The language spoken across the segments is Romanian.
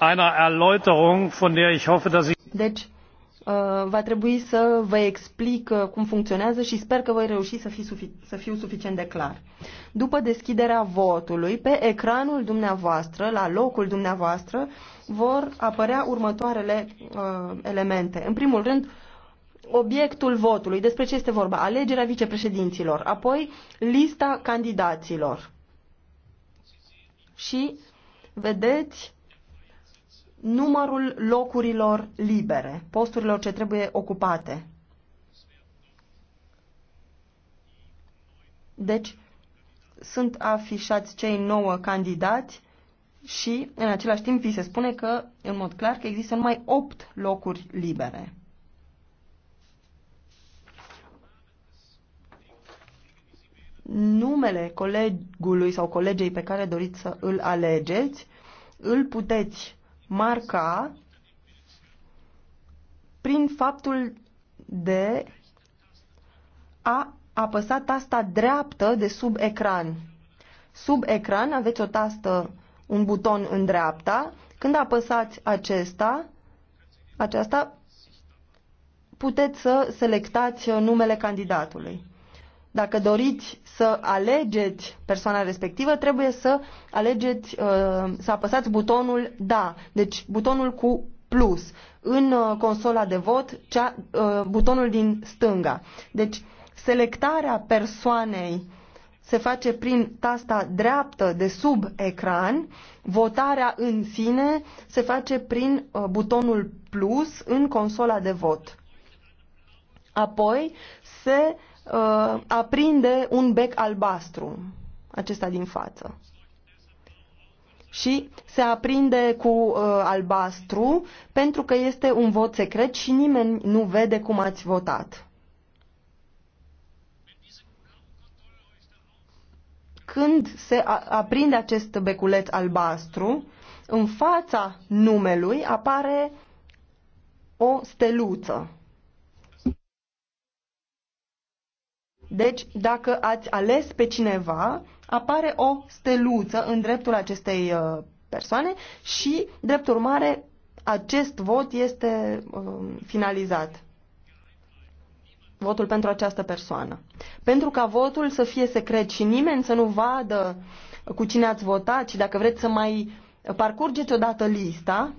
einer erläuterung von der ich hoffe dass ich. deci uh, va trebui să vă explic uh, cum funcționează și sper că voi reuși să, fi sufi, să fiu suficient de clar. După deschiderea votului, pe ecranul dumneavoastră, la locul dumneavoastră, vor apărea următoarele uh, elemente. În primul rând, obiectul votului, despre ce este vorba, alegerea vicepreședinților, apoi lista candidaților. Și vedeți numărul locurilor libere, posturilor ce trebuie ocupate. Deci, sunt afișați cei nouă candidați și, în același timp, vi se spune că, în mod clar, că există numai 8 locuri libere. Numele colegului sau colegei pe care doriți să îl alegeți, îl puteți marca prin faptul de a apăsa tasta dreaptă de sub ecran. Sub ecran aveți o tastă, un buton în dreapta. Când apăsați acesta, aceasta, puteți să selectați numele candidatului. Dacă doriți să alegeți persoana respectivă, trebuie să alegeți, uh, să apăsați butonul da, deci butonul cu plus în uh, consola de vot, cea, uh, butonul din stânga. Deci selectarea persoanei se face prin tasta dreaptă de sub ecran, votarea în sine se face prin butonul plus în consola de vot. Apoi se uh, aprinde un bec albastru, acesta din față. Și se aprinde cu uh, albastru pentru că este un vot secret și nimeni nu vede cum ați votat. Când se aprinde acest beculeț albastru, în fața numelui apare o steluță. Deci, dacă ați ales pe cineva, apare o steluță în dreptul acestei uh, persoane și, drept urmare, acest vot este um, finalizat. Votul pentru această persoană. Pentru ca votul să fie secret și nimeni să nu vadă cu cine ați votat și dacă vreți să mai parcurgeți odată lista,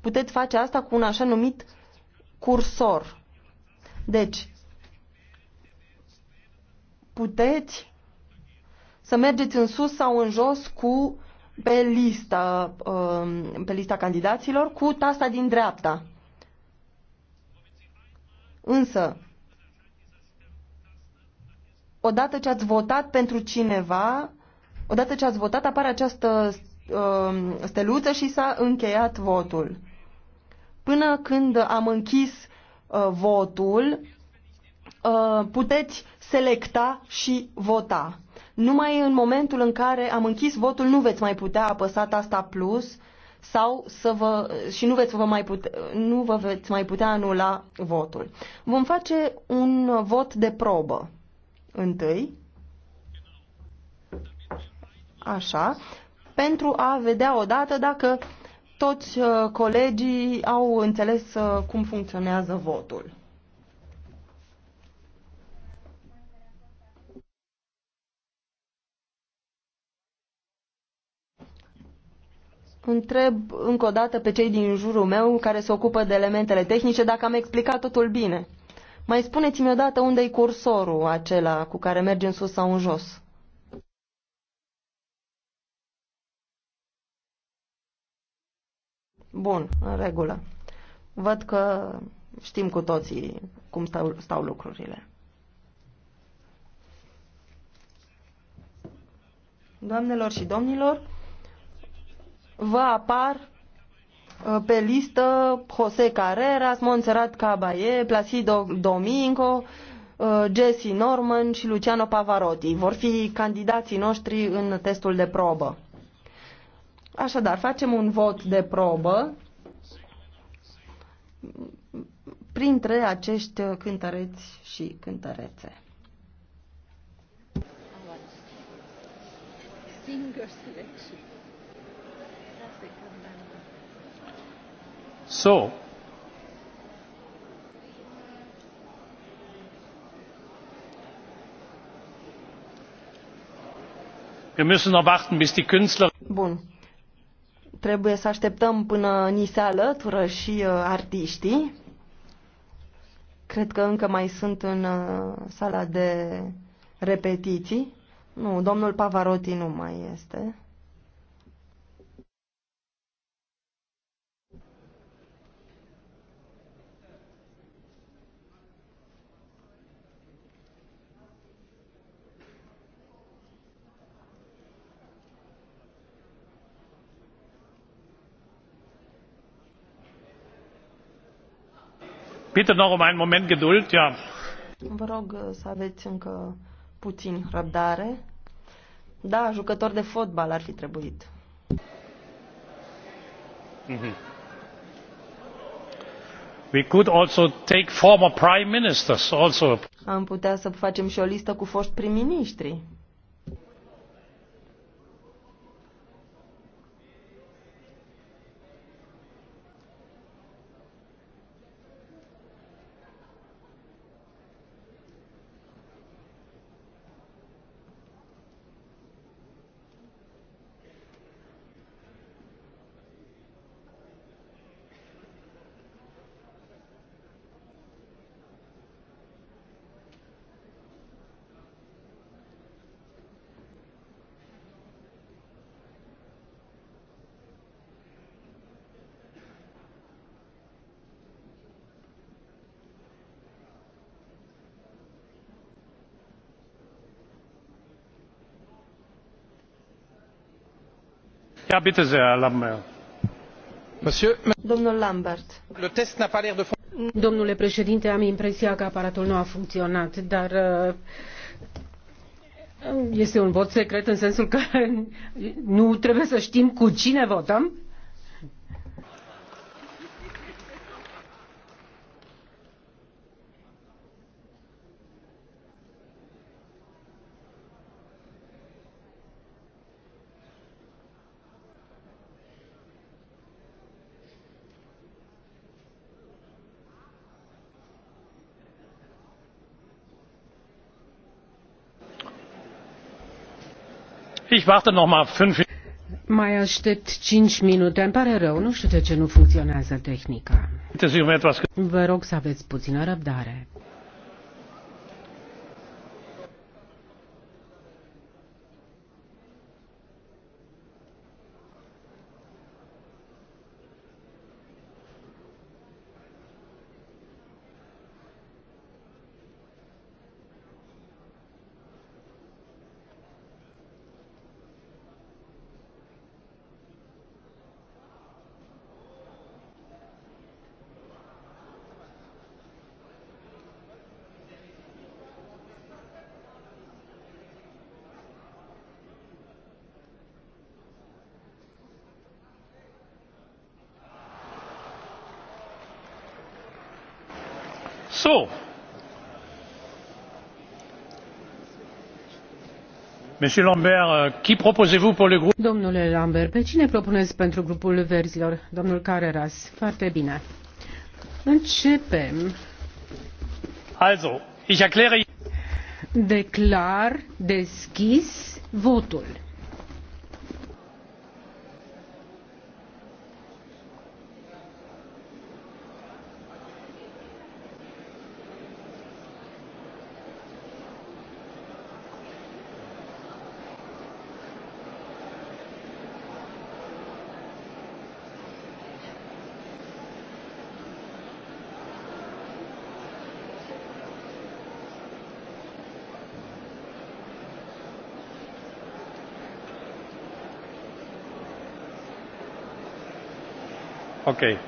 puteți face asta cu un așa numit cursor. Deci, puteți să mergeți în sus sau în jos cu pe lista, um, pe lista candidaților cu tasta din dreapta. Însă, odată ce ați votat pentru cineva, odată ce ați votat, apare această um, steluță și s-a încheiat votul. Până când am închis uh, votul, Uh, puteți selecta și vota. Numai în momentul în care am închis votul nu veți mai putea apăsa tasta plus sau să vă, și nu, veți vă mai pute, nu vă veți mai putea anula votul. Vom face un vot de probă. Întâi. Așa. Pentru a vedea odată dacă toți uh, colegii au înțeles uh, cum funcționează votul. întreb încă o dată pe cei din jurul meu care se ocupă de elementele tehnice dacă am explicat totul bine. Mai spuneți-mi odată unde e cursorul acela cu care merge în sus sau în jos. Bun, în regulă. Văd că știm cu toții cum stau, stau lucrurile. Doamnelor și domnilor, vă apar uh, pe listă José Carreras, Montserrat Caballé, Placido Domingo, uh, Jesse Norman și Luciano Pavarotti. Vor fi candidații noștri în testul de probă. Așadar, facem un vot de probă printre acești cântăreți și cântărețe. Singer selection. So. Wir müssen noch warten, bis die Künstler. Bun. Trebuie să așteptăm până ni se alătură și uh, artiștii. Cred că încă mai sunt în uh, sala de repetiții. Nu, domnul Pavarotti nu mai este. Bitte noch um einen Moment Geduld, ja. Vă rog uh, să aveți încă puțin răbdare. Da, jucător de fotbal ar fi trebuit. Mm -hmm. We could also take former prime ministers also. Am putea să facem și o listă cu foști prim-ministri. Lambert. Domnule președinte, am impresia că aparatul nu a funcționat, dar uh, este un vot secret în sensul că nu trebuie să știm cu cine votăm? Ich warte noch mal fünf mai aștept 5 minute. Îmi pare rău, nu știu de ce nu funcționează tehnica. Um Vă rog să aveți puțină răbdare. So. Monsieur Lambert, euh, qui proposez-vous pour le groupe? Domnule Lambert, pe cine propuneți pentru grupul verzilor? Domnul carreras Foarte bine. Începem. Also, ich erkläre... Declar deschis votul. Okay.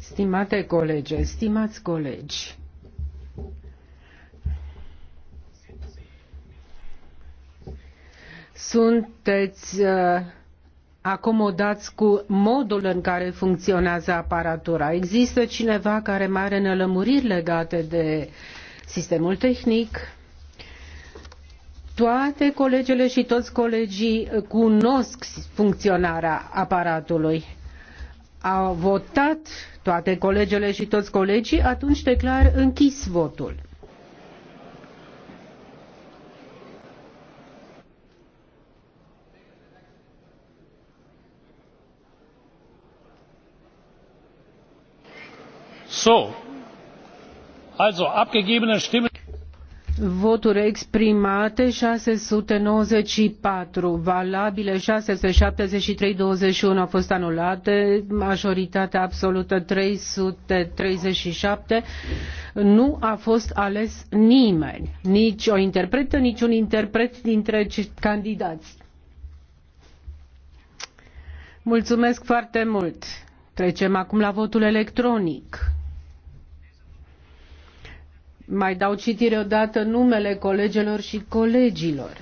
Stimate colege, stimați colegi, sunteți uh, acomodați cu modul în care funcționează aparatura. Există cineva care mai are nelămuriri legate de sistemul tehnic? toate colegele și toți colegii cunosc funcționarea aparatului. Au votat toate colegele și toți colegii, atunci declar închis votul. So, also abgegebene Stimmen voturi exprimate 694, valabile 673, 21 au fost anulate, majoritatea absolută 337, nu a fost ales nimeni, nici o interpretă, nici un interpret dintre candidați. Mulțumesc foarte mult. Trecem acum la votul electronic mai dau citire odată numele colegelor și colegilor.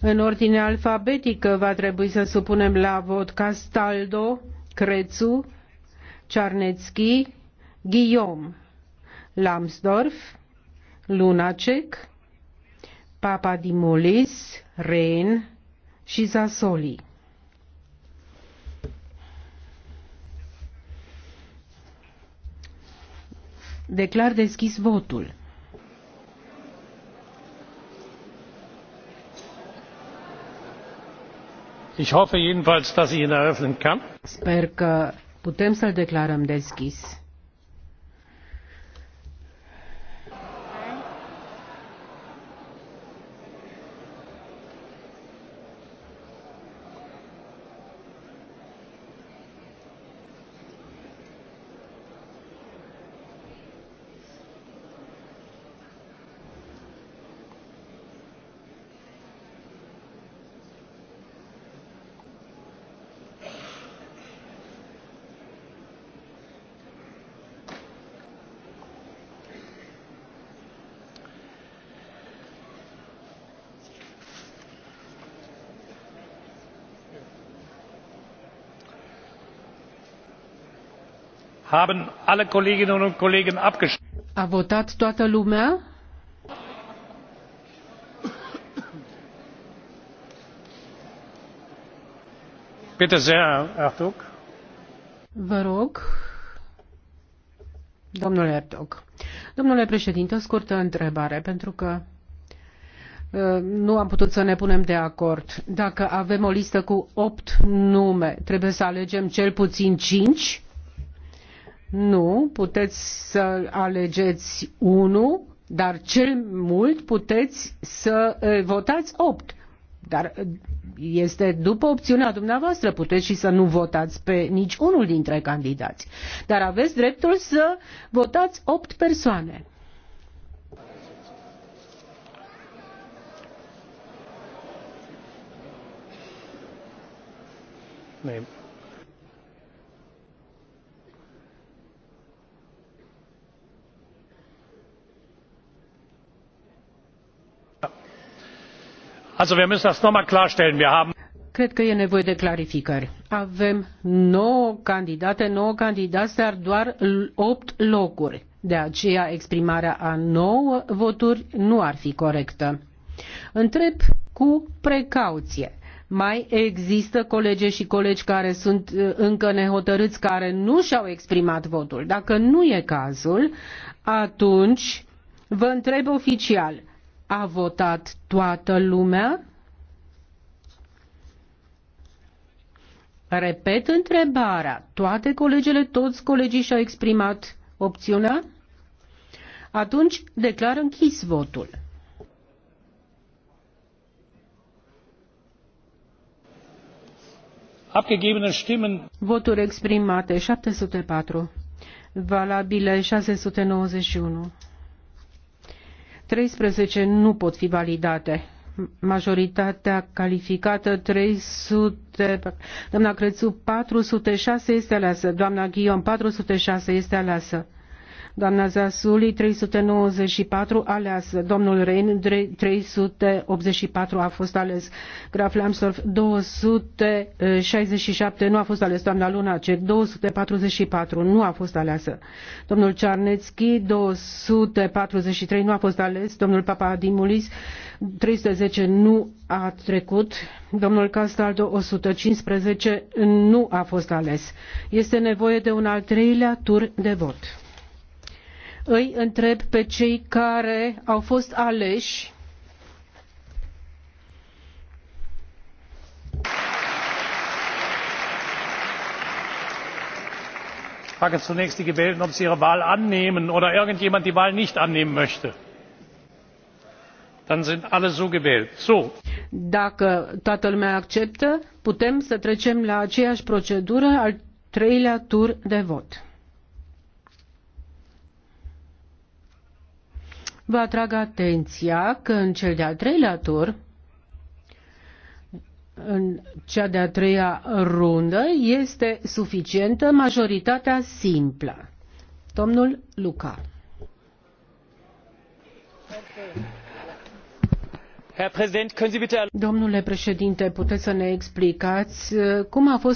În ordine alfabetică va trebui să supunem la vot Castaldo, Crețu, Cearnețchi, Guillaume, Lambsdorff, Lunacek, Papa Dimulis, Rehn și Zasoli. Declar deschis votul. Ich hoffe jedenfalls, dass ich ihn eröffnen kann. Sper că putem să-l declarăm deschis. haben alle Kolleginnen und Kollegen abgestimmt? A votat toată lumea? Bitte sehr, Ertug. Vă rog, domnule Ertug. Domnule președinte, scurtă întrebare, pentru că uh, nu am putut să ne punem de acord. Dacă avem o listă cu opt nume, trebuie să alegem cel puțin cinci? Nu, puteți să alegeți 1, dar cel mult puteți să votați 8. Dar este după opțiunea dumneavoastră, puteți și să nu votați pe nici unul dintre candidați. Dar aveți dreptul să votați 8 persoane. Name. Cred că e nevoie de clarificări. Avem 9 candidate, 9 candidați, dar doar 8 locuri. De aceea exprimarea a 9 voturi nu ar fi corectă. Întreb cu precauție. Mai există colege și colegi care sunt uh, încă nehotărâți, care nu și-au exprimat votul. Dacă nu e cazul, atunci vă întreb oficial a votat toată lumea? Repet întrebarea. Toate colegele, toți colegii și-au exprimat opțiunea? Atunci declar închis votul. Abgegebene Stimmen. Voturi exprimate 704, valabile 691. 13 nu pot fi validate. Majoritatea calificată 300, doamna Crețu 406 este aleasă, doamna Ghion 406 este aleasă doamna Zasuli 394 aleasă, domnul Rein 384 a fost ales, Graf Lambsdorff 267 nu a fost ales, doamna Lunacek 244 nu a fost aleasă, domnul Cearnețchi 243 nu a fost ales, domnul Dimulis 310 nu a trecut, domnul Castaldo 115 nu a fost ales. Este nevoie de un al treilea tur de vot îi întreb pe cei care au fost aleși frage zunächst die gewählten ob sie ihre wahl annehmen oder irgendjemand die wahl nicht annehmen möchte. dann sind alle so gewählt. dacă toată lumea acceptă putem să trecem la aceeași procedură al treilea tur de vot. Vă atrag atenția că în cel de-al treilea tur, în cea de-a treia rundă, este suficientă majoritatea simplă. Domnul Luca. Domnule președinte, puteți să ne explicați uh, cum a fost